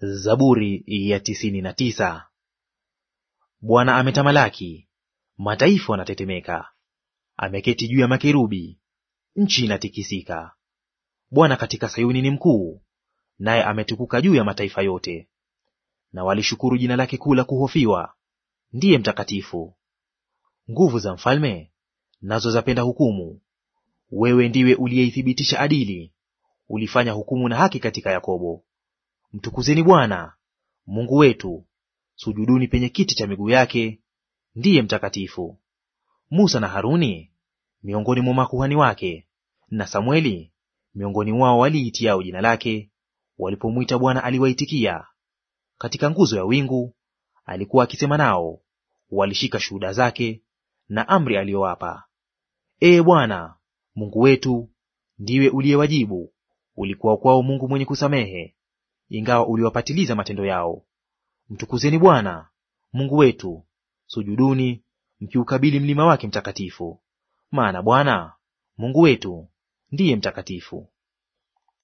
Zaburi ya tisini na tisa. Bwana ametamalaki, mataifa wanatetemeka. Ameketi juu ya makerubi, nchi inatikisika. Bwana katika Sayuni ni mkuu, naye ametukuka juu ya mataifa yote. Na walishukuru jina lake kuu la kuhofiwa, ndiye mtakatifu. Nguvu za mfalme nazo zapenda hukumu. Wewe ndiwe uliyeithibitisha adili, ulifanya hukumu na haki katika Yakobo. Mtukuzeni Bwana Mungu wetu, sujuduni penye kiti cha miguu yake, ndiye mtakatifu. Musa na Haruni miongoni mwa makuhani wake na samweli miongoni mwao waliitiao jina lake, walipomwita Bwana aliwaitikia. Katika nguzo ya wingu alikuwa akisema nao, walishika shuhuda zake na amri aliyowapa. Ee Bwana Mungu wetu, ndiwe uliyewajibu, ulikuwa kwao Mungu mwenye kusamehe ingawa uliwapatiliza matendo yao. Mtukuzeni Bwana Mungu wetu, sujuduni mkiukabili mlima wake mtakatifu, maana Bwana Mungu wetu ndiye mtakatifu.